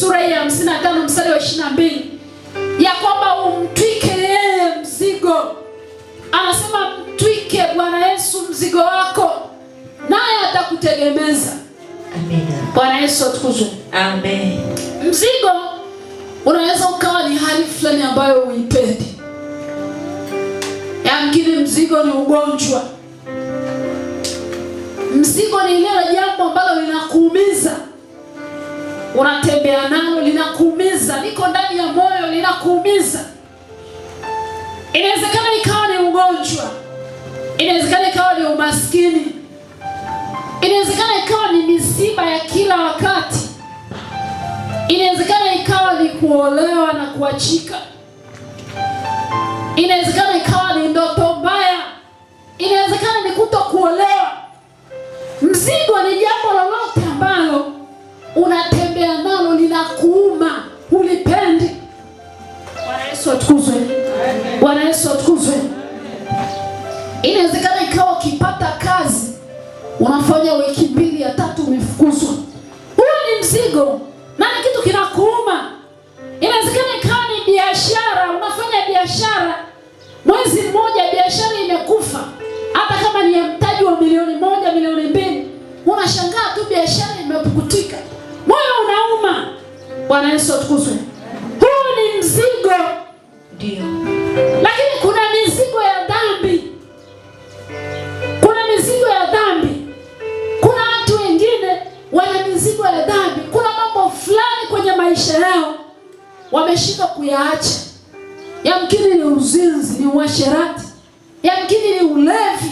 sura ya 55 mstari wa 22 ya kwamba umtwike yeye mzigo. Anasema mtwike Bwana Yesu mzigo wako, naye atakutegemeza. Amen. Bwana Yesu atukuzwe. Amen. Mzigo unaweza ukawa ni hali fulani ambayo uipendi. Yamkini mzigo ni ugonjwa, mzigo ni lile jambo ambalo linakuumiza unatembea nalo linakuumiza, liko ndani ya moyo linakuumiza. Inawezekana ikawa ni ugonjwa, inawezekana ikawa ni umaskini, inawezekana ikawa ni misiba ya kila wakati, inawezekana ikawa ni kuolewa na kuachika, inawezekana ikawa ni ndoto mbaya, inawezekana ni kutokuolewa. Mzigo ni jambo lolote ambalo unatembea nalo linakuuma, ulipendi. Bwana Yesu atukuzwe, Bwana Yesu atukuzwe. Inawezekana ikawa ukipata kazi unafanya wiki mbili ya tatu, umefukuzwa. huyo ni mzigo, maana kitu kinakuuma. Inawezekana ikawa ni biashara, unafanya biashara mwezi mmoja, biashara imekufa, hata kama ni ya mtaji wa milioni moja, milioni mbili, unashangaa tu biashara imepukutika moyo unauma. Bwana Yesu atukuzwe. Huu ni mzigo, ndio, lakini kuna mizigo ya dhambi, kuna mizigo ya dhambi. Kuna watu wengine wana mizigo ya dhambi, kuna mambo fulani kwenye maisha yao wameshindwa kuyaacha. Yamkini ni uzinzi, ni uasherati, yamkini ni ulevi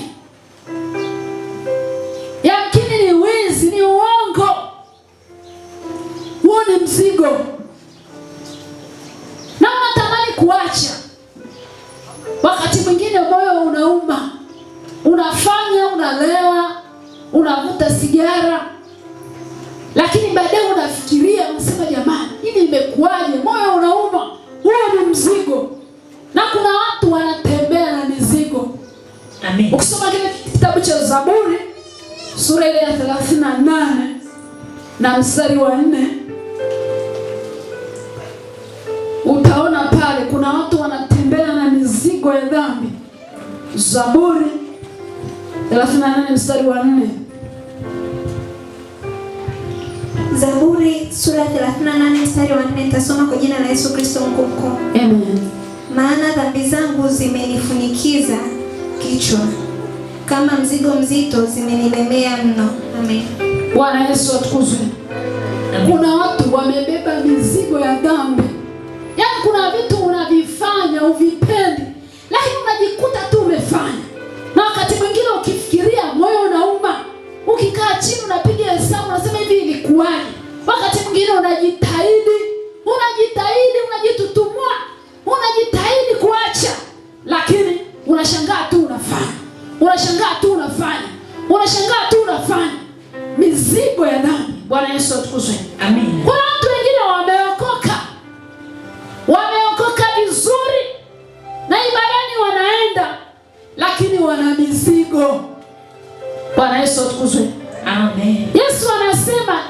mzigo na unatamani kuacha. Wakati mwingine moyo unauma, unafanya, unalewa, unavuta sigara, lakini baadaye unafikiria, unasema jamani, hili imekuwaje? Moyo unauma, huo ni mzigo, na kuna watu wanatembea na mizigo. Amen. Ukisoma kile kitabu cha Zaburi sura ile ya 38 na mstari wa nne ya dhambi. Zaburi 38 mstari wa 4. Zaburi sura 38 mstari wa 4 tasoma kwa jina la Yesu Kristo mkuu. Amen. Maana dhambi zangu zimenifunikiza kichwa kama mzigo mzito zimenilemea mno. Amen. Bwana Yesu atukuzwe. Kuna watu wamebeba mizigo ya dhambi, yaani kuna vitu unavifanya uvipendi unajikuta tu umefanya, na wakati mwingine ukifikiria moyo unauma, ukikaa chini unapiga hesabu, unasema hivi ilikuwaje? Wakati mwingine unajitahidi, unajitahidi, unajitutumua, unajitahidi kuacha, lakini unashangaa tu unafanya, unashangaa tu unafanya, unashangaa tu unafanya. Mizigo ya dhambi. Bwana Yesu atukuzwe, amen. na mizigo. Bwana Yesu atukuzwe. Amen. Yesu anasema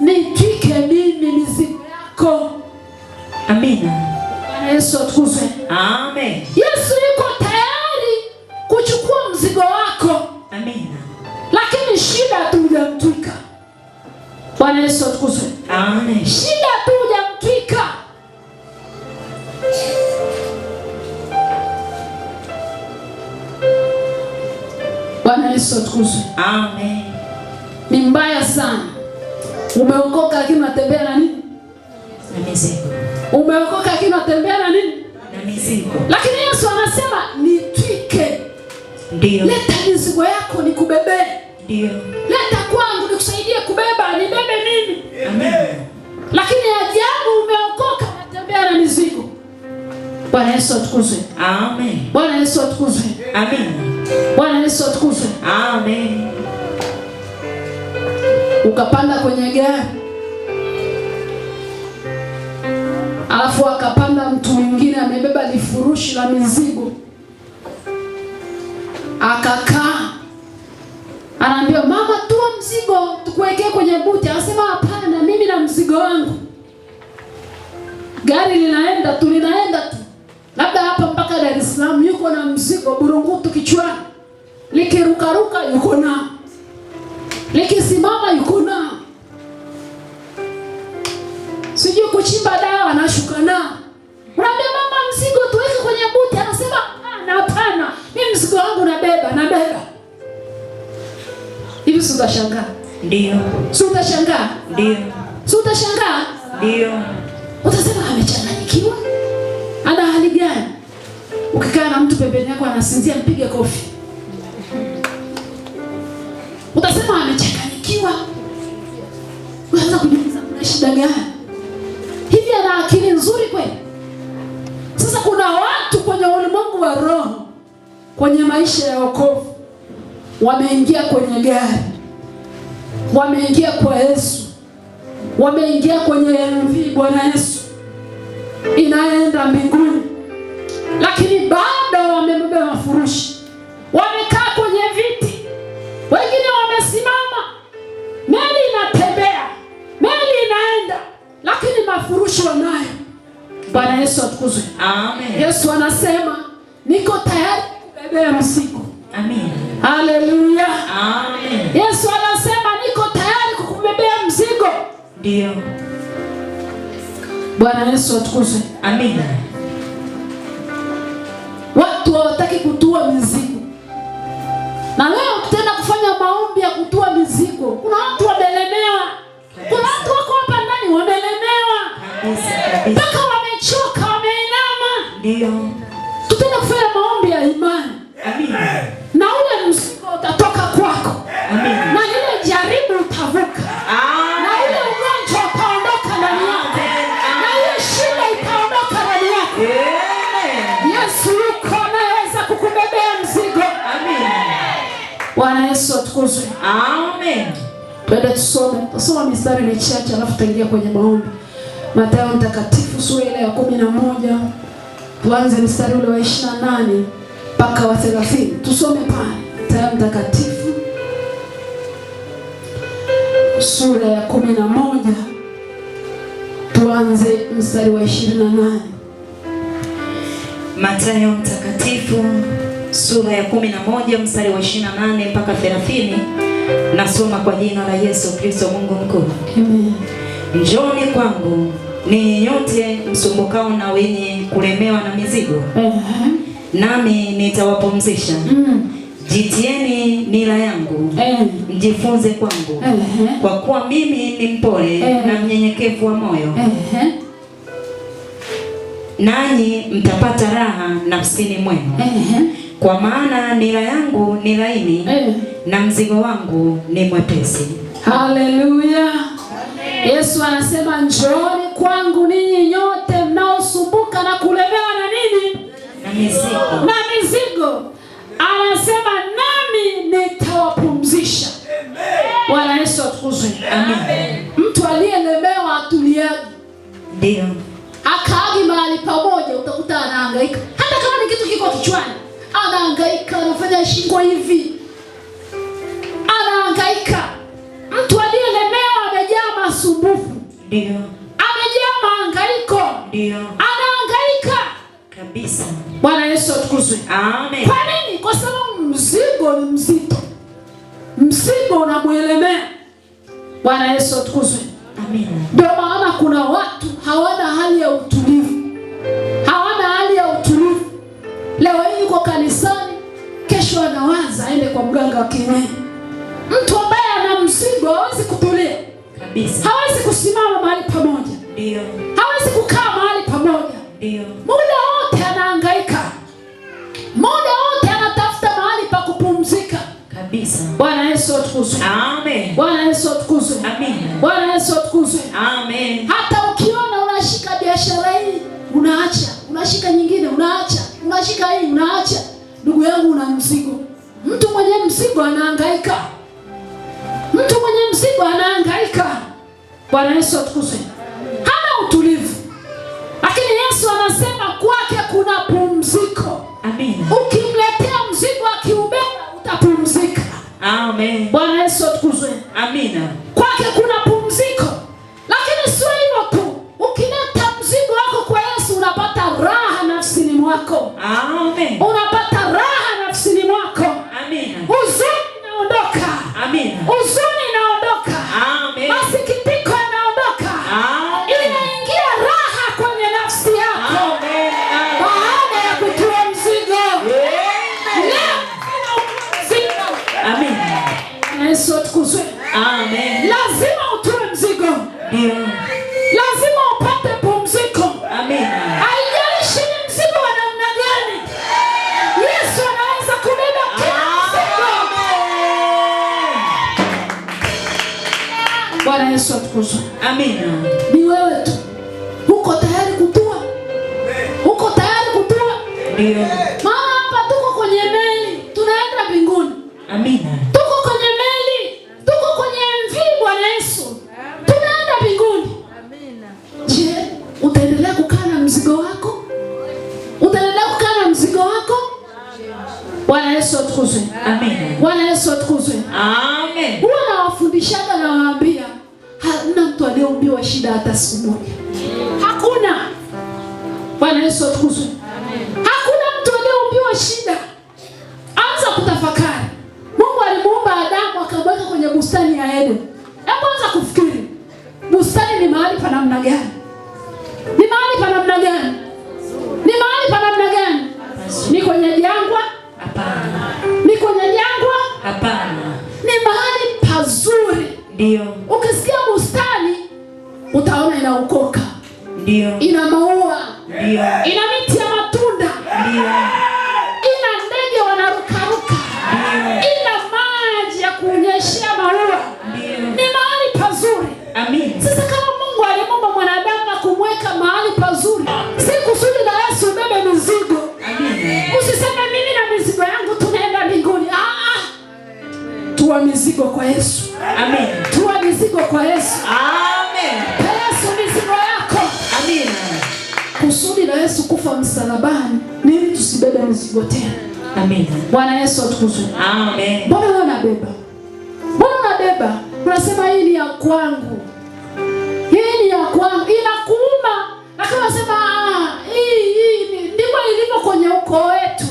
nitwike mimi mizigo yako. Amina. Bwana Yesu atukuzwe. Amen. Yesu yuko tayari kuchukua mzigo wako. Amina. Lakini shida hatujamtwika. Bwana Yesu atukuzwe. Amen. Shida atukuzwe. Amen. Ni mbaya sana. Umeokoka lakini unatembea na nini? Na mizigo. Umeokoka lakini unatembea na nini? Na mizigo. Lakini Yesu anasema nitwike. Ndio. Leta mizigo yako nikubebee. Ndio. Leta kwangu nikusaidie kubeba, nibebe nini? Amen. Lakini ajabu umeokoka unatembea na mizigo. Bwana Yesu atukuzwe. Amen. Bwana Yesu atukuzwe. Amen. Bwana Yesu atukuzwe. Amen. Ukapanda kwenye gari, alafu akapanda mtu mwingine amebeba lifurushi la mizigo, akakaa anaambia mama, tua mzigo tukuwekee kwenye buti. Anasema hapana, mimi na mzigo wangu. Gari linaenda tu linaenda tu, labda hapa mpaka Dar es Salaam, yuko na mzigo burungutu kichwani, likirukaruka yuko na likisimama yuko na sijui kuchimba dawa anashuka na. Unaambia mama, mzigo tuweke kwenye buti, anasema ah, na hapana, mimi mzigo wangu nabeba, nabeba hivi. Si utashangaa? Ndio. Si utashangaa? Ndio. Si utashangaa? Ndio. Utasema amechanganyikiwa. Ukikaa na mtu pembeni yako anasinzia, mpige kofi. Utasema amechanganyikiwa, unaanza kujiuliza kuna shida gani? Hivi ana akili nzuri kweli? Sasa kuna watu kwenye ulimwengu wa roho, kwenye maisha ya wokovu, wameingia kwenye gari, wameingia kwa Yesu, wameingia kwenye MV Bwana Yesu inaenda mbinguni lakini bado wamebeba mafurushi, wamekaa kwenye viti, wengine wamesimama. Meli inatembea, meli inaenda, lakini mafurushi wanayo. Bwana Yesu atukuzwe, amen. Yesu anasema niko tayari kubebea mzigo, amen. Haleluya, amen. Yesu anasema niko tayari kukubebea mzigo, ndio. Bwana Yesu atukuzwe, amen hawataki kutua mizigo. Na leo tutaenda kufanya maombi ya kutua mizigo. Kuna watu wamelemewa. Kuna watu wako hapa ndani wamelemewa. Mpaka wamechoka, wameinama. Ndio. Tutasoma mistari michache alafu tutaingia kwenye maombi. Mathayo mtakatifu sura ile ya kumi na moja tuanze mstari ule wa ishirini na nane mpaka wa thelathini tusome pale. Mathayo mtakatifu sura ya kumi na moja tuanze mstari wa ishirini na nane Mathayo mtakatifu sura ya kumi na moja mstari wa ishirini na nane mpaka thelathini Nasoma kwa jina la Yesu Kristo Mungu mkuu. Amen. Njoni kwangu ni nyote msumbukao na wenye kulemewa na mizigo. Uh -huh. Nami nitawapumzisha. Mm. Jitieni nila yangu. Uh -huh. Mjifunze kwangu. Uh -huh. Kwa kuwa mimi ni mpole uh -huh. na mnyenyekevu wa moyo. Uh -huh. Nanyi mtapata raha nafsini mwenu. Uh -huh. Kwa maana nira yangu ni laini eh. na mzigo wangu ni mwepesi. Haleluya! Yesu anasema njooni kwangu ninyi nyote mnaosumbuka na kulemewa na nini na mizigo, anasema nami nitawapumzisha. Bwana Yesu atukuzwe. Amen. Mtu aliyelemewa atuliagi, ndio akaagi mahali pamoja, utakuta anahangaika hata kama ni kitu kiko kichwani anaangaika, anafanya shingo hivi, anaangaika. Mtu aliyelemewa amejaa masumbufu, ndio amejaa maangaiko, ndio anaangaika kabisa. Bwana Yesu atukuzwe, amen. Kwa nini? Kwa sababu mzigo ni mzito, mzigo unamwelemea. Bwana Yesu atukuzwe, amen. Ndio maana kuna watu hawana hali ya utulivu, hawana hali ya utulivu leo kwa mganga wa kienyeji. Mtu ambaye ana mzigo hawezi kutulia kabisa, hawezi kusimama mahali pamoja, ndio hawezi kukaa mahali pamoja, ndio muda wote anahangaika, muda wote anatafuta mahali pa kupumzika kabisa. Bwana Yesu atukuzwe, amen. Bwana Yesu atukuzwe, amen. Bwana Yesu atukuzwe, amen. Hata ukiona unashika biashara hii unaacha, unashika nyingine unaacha, unashika hii unaacha, ndugu yangu, una mzigo Mtu mwenye mzigo anahangaika, mtu mwenye mzigo anahangaika. Bwana Yesu atukuzwe. Hana utulivu, lakini Yesu anasema kwake kuna pumziko. Amen. Ukimletea mzigo akiubeba utapumzika. Amen. Bwana Yesu atukuzwe. Amina. Kwake kuna pumziko, lakini sio hivyo tu. Ukileta mzigo wako kwa Yesu unapata raha nafsini mwako. Amen. Unapata Yesu atukuzwe. Ni wewe tu. Uko tayari kutua? Uko tayari kutua? Ndio. Mama, hapa tuko kwenye meli, tunaenda mbinguni. Tuko kwenye meli, tuko kwenye MV Bwana Yesu. Tunaenda mbinguni. Je, utaendelea kukaa na mzigo wako? Utaendelea kukaa na mzigo wako? Bwana Yesu atukuzwe. Bwana Yesu atukuzwe. aliyeumbiwa shida hata siku moja. Hakuna. Bwana Yesu atukuzwe. Hakuna mtu aliyeumbiwa shida. Anza kutafakari. Mungu alimuumba Adamu akamweka kwenye bustani ya Eden. Hebu anza kufikiri. Bustani ni mahali pa namna gani? Ni mahali pa namna gani? Ni mahali pa namna gani? Ni kwenye jangwa? Hapana. Ni kwenye jangwa? Hapana. Ni mahali pazuri. Ndio. Ukisikia bustani utaona inaokoka, ndio ina maua, ndio ina miti ya matunda, ndio ina ndege wanarukaruka, ina maji ya kunyeshea maua, ni mahali pazuri. Amin. Sasa kama Mungu alimuumba mwanadamu na kumweka mahali pazuri, si kusudi na Yesu ubebe mizigo. Usiseme mimi na mizigo yangu tunaenda mbinguni. Ah, ah. tuwa mizigo kwa Yesu. Amin. Tuwa mizigo kwa Yesu. Amen. ya Yesu kufa msalabani mimi tusibebe mzigo tena. Amen. Bwana Yesu atukuzwe. Amen. Mbona wewe unabeba? Mbona unabeba? Unasema hii ni ya kwangu. Hii ni ya kwangu. Inakuuma. Na kama ah, hii hii ndipo ilipo kwenye ukoo wetu.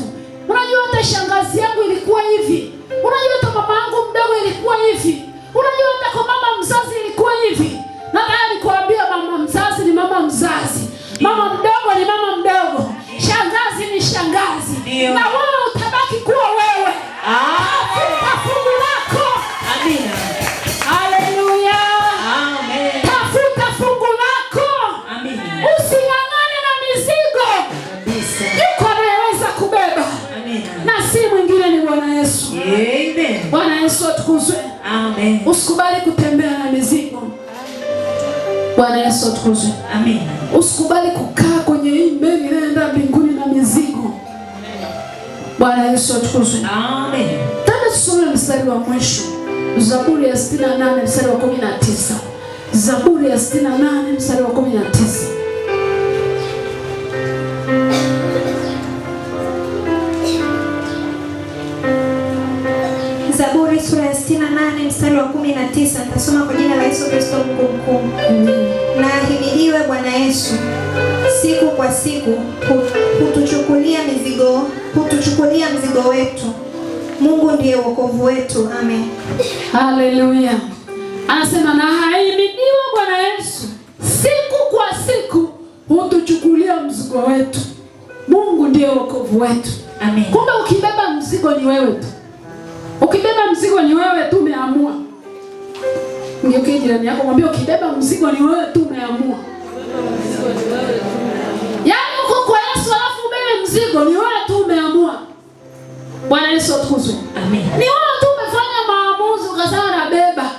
Unajua hata shangazi yangu ilikuwa hivi. Unajua hata mama yangu mdogo ilikuwa hivi. Unajua hata kwa mama mzazi ilikuwa hivi. Na tayari kuambia mama mzazi ni mama mzazi. Mama mdogo ni mama mdogo, shangazi ni shangazi, na wewe utabaki kuwa wewe. Ah. na kubeba, na si mwingine ni Bwana Yesu. Bwana Yesu atukuzwe, amen. Usikubali kutembea na mizigo. Bwana Yesu atukuzwe, amen. Usikubali Yesu atukuzwe. Amen. Tena tusome mstari wa mwisho. Zaburi ya 68 mstari wa 19. Zaburi ya 68 mstari wa 19. Zaburi sura ya 68 mstari wa 19. Nitasoma kwa jina la Yesu Kristo Mungu mkuu. Amen na ahimidiwe Bwana Yesu. Siku kwa siku hutuchukulia mizigo, hutuchukulia mzigo wetu. Mungu ndiye wokovu wetu. Amen. Haleluya. Anasema na ahimidiwe Bwana Yesu. Siku kwa siku hutuchukulia mzigo wetu. Mungu ndiye wokovu wetu. Amen. Kumbe ukibeba mzigo ni wewe tu. Ukibeba mzigo ni wewe tu umeamua. Mgeukie jirani yako mwambie ukibeba mzigo ni wewe tu umeamua. Yaani uko kwa Yesu alafu ubebe mzigo ni wewe tu umeamua. Bwana Yesu atukuzwe. Amen. Ni wewe tu umefanya maamuzi ukasema nabeba.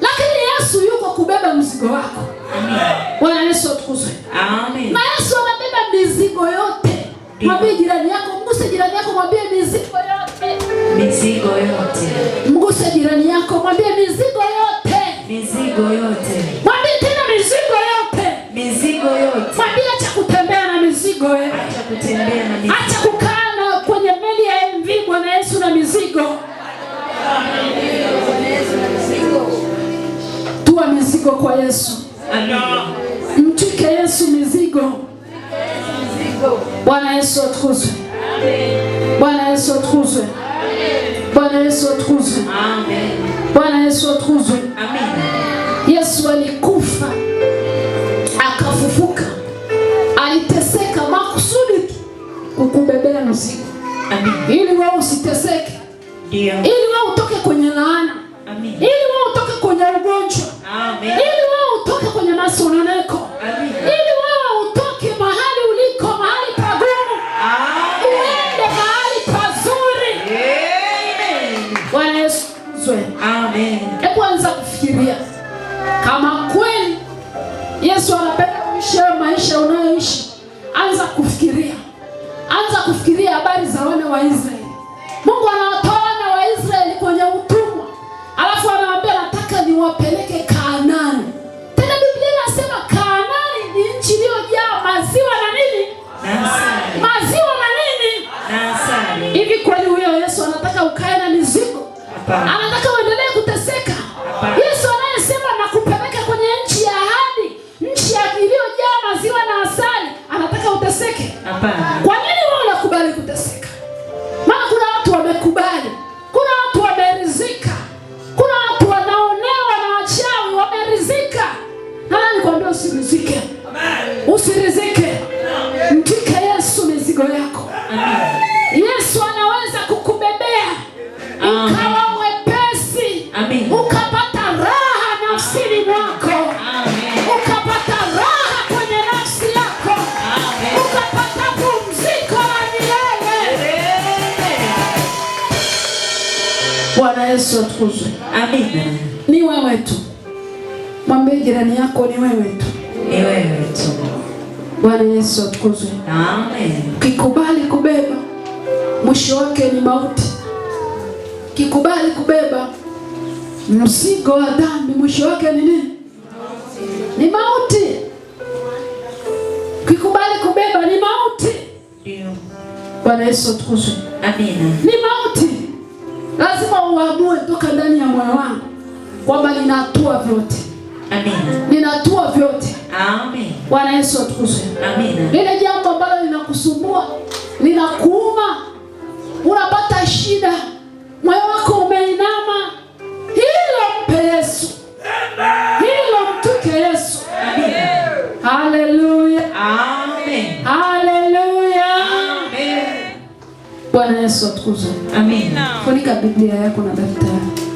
Lakini Yesu yuko kubeba mzigo wako. Amen. Bwana Yesu atukuzwe. Amen. Na Yesu amebeba mizigo yote. Mwambie jirani yako, mguse jirani yako mwambie mizigo yote. Mizigo yote. Mguse jirani yako mwambie mizigo yote mizigo yote. Mwambie tena mizigo yote. Mizigo yote. Mwambie acha kutembea na mizigo wewe. Acha kutembea na mizigo. Acha kukaa na kwenye meli ya MV Bwana Yesu na mizigo. Tua mizigo kwa Yesu. Amen. Mtuke Yesu mizigo. Bwana Yesu atukuzwe. Amen. Bwana Yesu atukuzwe. Bwana Yesu atukuzwe. Amen. Bwana Yesu atukuzwe. Amen. Yesu alikufa akafufuka, aliteseka makusudi kukubebea mzigo ili wewe usiteseke, ili wewe utoke kwenye laana, ili wewe utoke kwenye ugonjwa, ili wewe utoke kwenye masononeko kufikiria. Kama kweli Yesu anapenda uishi maisha unayoishi, anza kufikiria, anza kufikiria habari za wana wa Israeli. Mungu anawatoa wana wa Israeli kwenye utumwa, alafu anawaambia nataka niwapeleke Kaanani. Tena Biblia inasema Kaanani ni nchi iliyojaa maziwa na nini, maziwa na nini. Hivi kweli huyo Yesu anataka ukae na mizigo? Yesu atukuzwe. Amina. Ni wewe tu, mwambie jirani yako ni wewe tu, ni wewe tu. Bwana Yesu atukuzwe. Amen. Kikubali kubeba mwisho wake ni mauti. Kikubali kubeba mzigo wa dhambi mwisho wake ni nini? Ni mauti. Kikubali kubeba ni mauti. Bwana Yesu atukuzwe. Amina. Ni mauti. Lazima uamue toka ndani ya moyo wangu kwamba ninatua vyote. Amen. Ninatua vyote. Amen. Bwana Yesu atukuzwe. Amen. Lile jambo ambalo linakusumbua, linakuuma, unapata shida, moyo wako umeinama, hilo mpe Yesu, hilo mtuke Yesu. Amen. Hallelujah. Bwana Yesu atukuzwe. Amen. Funika Biblia yako na daftari.